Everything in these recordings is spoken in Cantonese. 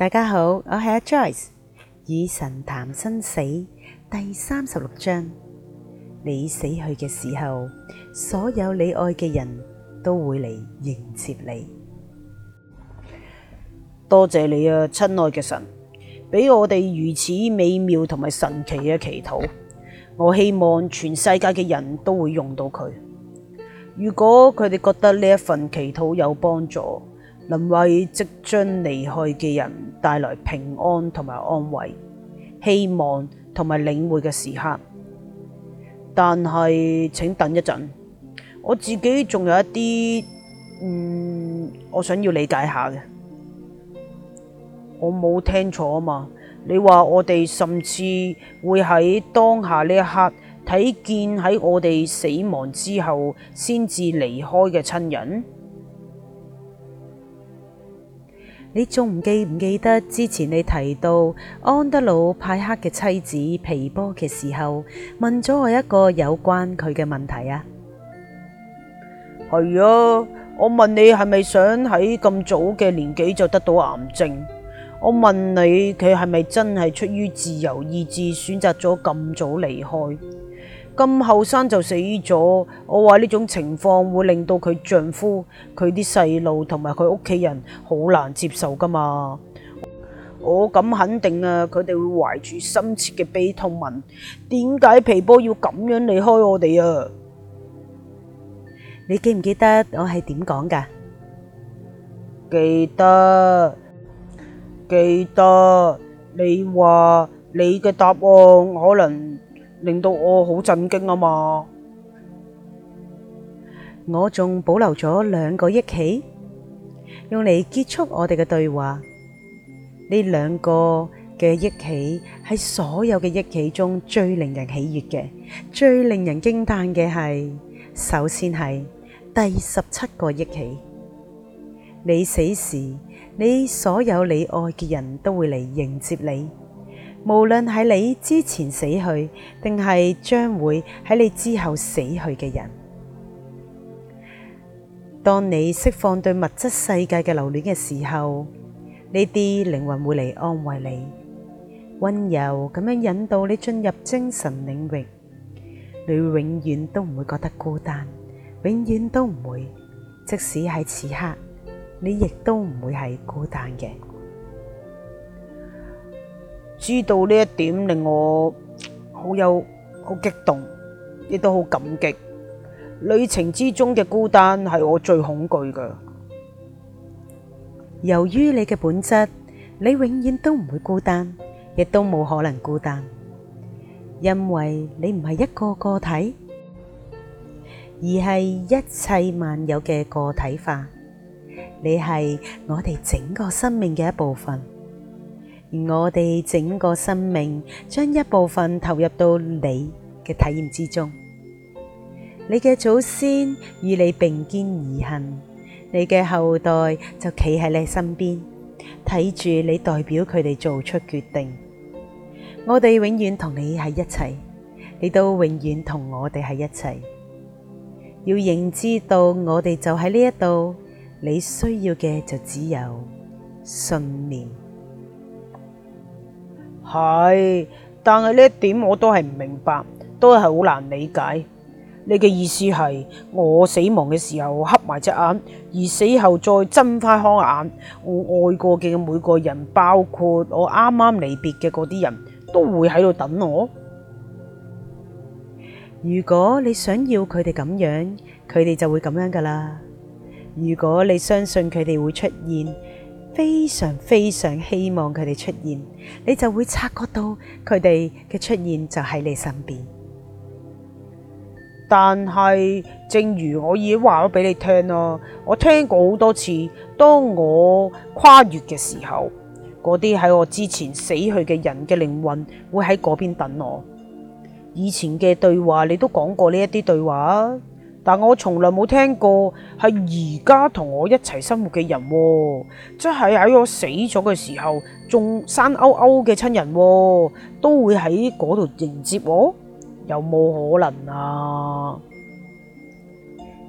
大家好，我係阿 Joyce，與神談生死第三十六章。你死去嘅時候，所有你愛嘅人都會嚟迎接你。多謝你啊，親愛嘅神，俾我哋如此美妙同埋神奇嘅祈禱。我希望全世界嘅人都會用到佢。如果佢哋覺得呢一份祈禱有幫助。能為即將離開嘅人帶來平安同埋安慰、希望同埋領會嘅時刻，但係請等一陣，我自己仲有一啲，嗯，我想要理解下嘅。我冇聽錯啊嘛？你話我哋甚至會喺當下呢一刻睇見喺我哋死亡之後先至離開嘅親人？你仲唔記唔記得之前你提到安德魯派克嘅妻子皮波嘅時候，問咗我一個有關佢嘅問題啊？係啊，我問你係咪想喺咁早嘅年紀就得到癌症？我問你，佢係咪真係出於自由意志選擇咗咁早離開？咁後生就死咗，我話呢種情況會令到佢丈夫、佢啲細路同埋佢屋企人好難接受噶嘛？我敢肯定啊，佢哋會懷住深切嘅悲痛問：點解皮波要咁樣離開我哋啊？你記唔記得我係點講噶？記得，記得，你話你嘅答案可能。令到我好震驚啊嘛！我仲保留咗兩個憶起，用嚟結束我哋嘅對話。呢兩個嘅憶起，喺所有嘅憶起中最令人喜悦嘅，最令人驚嘆嘅係，首先係第十七個憶起。你死時，你所有你愛嘅人都會嚟迎接你。無論喺你之前死去，定係將會喺你之後死去嘅人，當你釋放對物質世界嘅留戀嘅時候，呢啲靈魂會嚟安慰你，溫柔咁樣引導你進入精神領域，你永遠都唔會覺得孤單，永遠都唔會，即使喺此刻，你亦都唔會係孤單嘅。知道呢一點令我好有好激動，亦都好感激。旅程之中嘅孤單係我最恐懼嘅。由於你嘅本質，你永遠都唔會孤單，亦都冇可能孤單，因為你唔係一個個體，而係一切萬有嘅個體化。你係我哋整個生命嘅一部分。我哋整個生命將一部分投入到你嘅體驗之中。你嘅祖先與你並肩而行，你嘅後代就企喺你身邊，睇住你代表佢哋做出決定。我哋永遠同你喺一齊，你都永遠同我哋喺一齊。要認知到我哋就喺呢一度，你需要嘅就只有信念。係，但係呢一點我都係唔明白，都係好難理解。你嘅意思係我死亡嘅時候黑埋隻眼，而死後再睜開雙眼，我愛過嘅每個人，包括我啱啱離別嘅嗰啲人，都會喺度等我。如果你想要佢哋咁樣，佢哋就會咁樣噶啦。如果你相信佢哋會出現。非常非常希望佢哋出現，你就會察覺到佢哋嘅出現就喺你身邊。但係，正如我已經話咗俾你聽咯，我聽過好多次，當我跨越嘅時候，嗰啲喺我之前死去嘅人嘅靈魂會喺嗰邊等我。以前嘅對話，你都講過呢一啲對話。但我從來冇聽過係而家同我一齊生活嘅人，即係喺我死咗嘅時候，仲生勾勾嘅親人都會喺嗰度迎接我，有冇可能啊？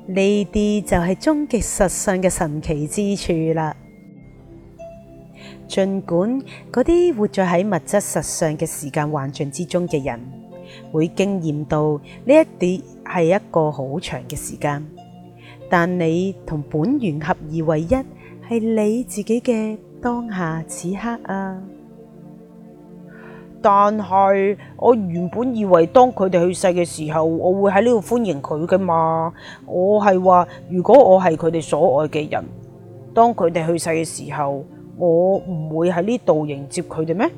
呢啲就係終極實相嘅神奇之處啦。盡管嗰啲活在喺物質實相嘅時間幻象之中嘅人，會經驗到呢一啲。係一個好長嘅時間，但你同本源合二為一，係你自己嘅當下此刻啊！但係我原本以為當佢哋去世嘅時候，我會喺呢度歡迎佢㗎嘛。我係話如果我係佢哋所愛嘅人，當佢哋去世嘅時候，我唔會喺呢度迎接佢哋咩？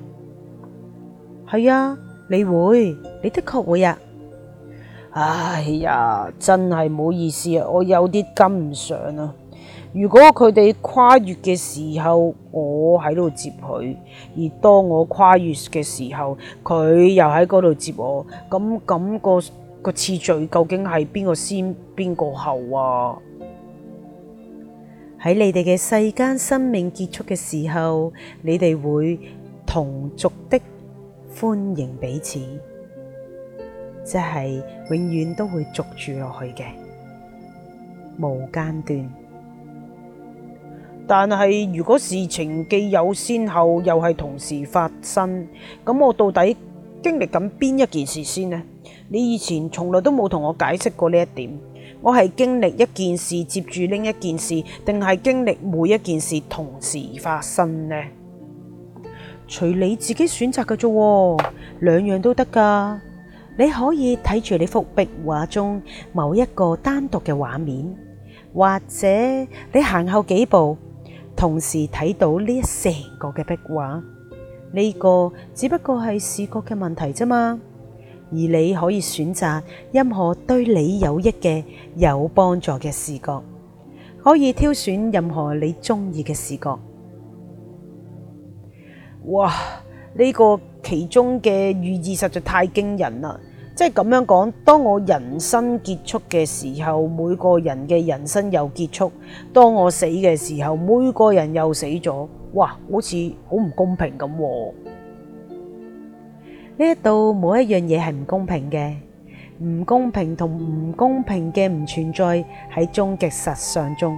係啊，你會，你的確會啊！哎呀，真係唔好意思啊，我有啲跟唔上啊。如果佢哋跨越嘅時候，我喺度接佢；而當我跨越嘅時候，佢又喺嗰度接我。咁咁、那個個次序究竟係邊個先，邊個後啊？喺你哋嘅世間生命結束嘅時候，你哋會同族的歡迎彼此。即係永遠都會續住落去嘅，無間斷。但係如果事情既有先後，又係同時發生，咁我到底經歷緊邊一件事先呢？你以前從來都冇同我解釋過呢一點。我係經歷一件事接住另一件事，定係經歷每一件事同時發生呢？隨你自己選擇嘅啫，兩樣都得噶。你可以睇住你幅壁畫中某一個單獨嘅畫面，或者你行後幾步，同時睇到呢成個嘅壁畫。呢個只不過係視覺嘅問題啫嘛，而你可以選擇任何對你有益嘅、有幫助嘅視覺，可以挑選任何你鍾意嘅視覺。哇！呢個～其中嘅寓意實在太驚人啦！即係咁樣講，當我人生結束嘅時候，每個人嘅人生又結束；當我死嘅時候，每個人又死咗。哇！好似好唔公平咁。呢一度每一樣嘢係唔公平嘅，唔公平同唔公平嘅唔存在喺終極實相中。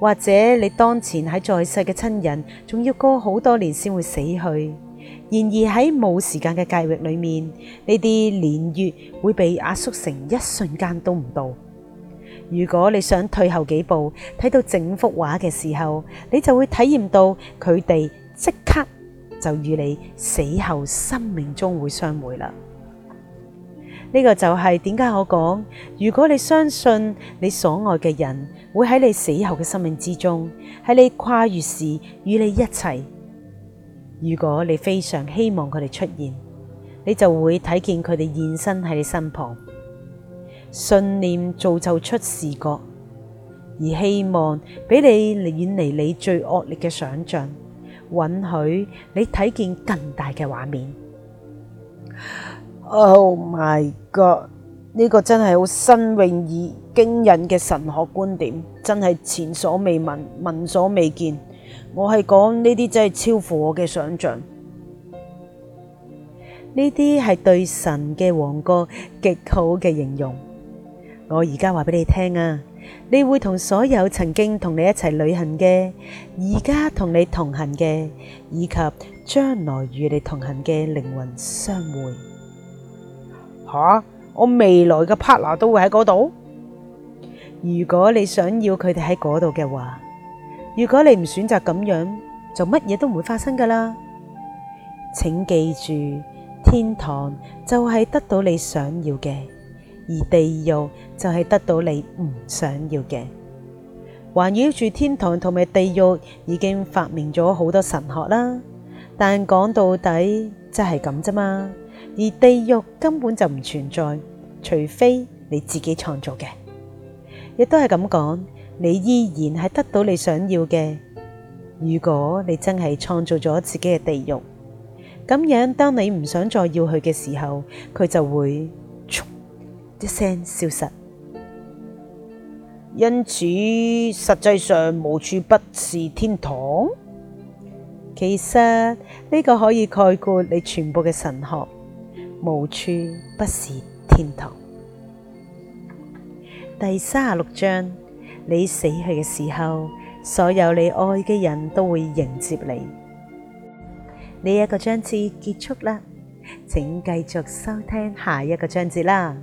或者你當前喺在，在世嘅親人，仲要過好多年先會死去。然而喺冇時間嘅界域裏面，呢啲年月會被壓縮成一瞬間都唔到。如果你想退後幾步，睇到整幅畫嘅時候，你就會體驗到佢哋即刻就與你死後生命中會相會啦。呢個就係點解我講，如果你相信你所愛嘅人會喺你死後嘅生命之中，喺你跨越時與你一齊。如果你非常希望佢哋出現，你就會睇見佢哋現身喺你身旁。信念造就出視覺，而希望俾你遠離你最惡劣嘅想象允許你睇見更大嘅畫面。Oh my God！呢個真係好新穎而驚人嘅神學觀點，真係前所未聞、聞所未見。我係講呢啲真係超乎我嘅想象。呢啲係對神嘅王國極好嘅形容。我而家話俾你聽啊！你會同所有曾經同你一齊旅行嘅、而家同你同行嘅、以及將來與你同行嘅靈魂相會。吓、啊！我未來嘅 partner 都會喺嗰度。如果你想要佢哋喺嗰度嘅話，如果你唔選擇咁樣，就乜嘢都唔會發生噶啦。請記住，天堂就係得到你想要嘅，而地獄就係得到你唔想要嘅。環繞住天堂同埋地獄已經發明咗好多神學啦，但講到底，即係咁啫嘛。而地獄根本就唔存在，除非你自己創造嘅。亦都係咁講，你依然係得到你想要嘅。如果你真係創造咗自己嘅地獄，咁樣當你唔想再要佢嘅時候，佢就會一聲消失。因此，實際上無處不是天堂。其實呢個可以概括你全部嘅神學。無處不是天堂。第三十六章，你死去嘅時候，所有你愛嘅人都會迎接你。呢一個章節結束啦，請繼續收聽下一個章節啦。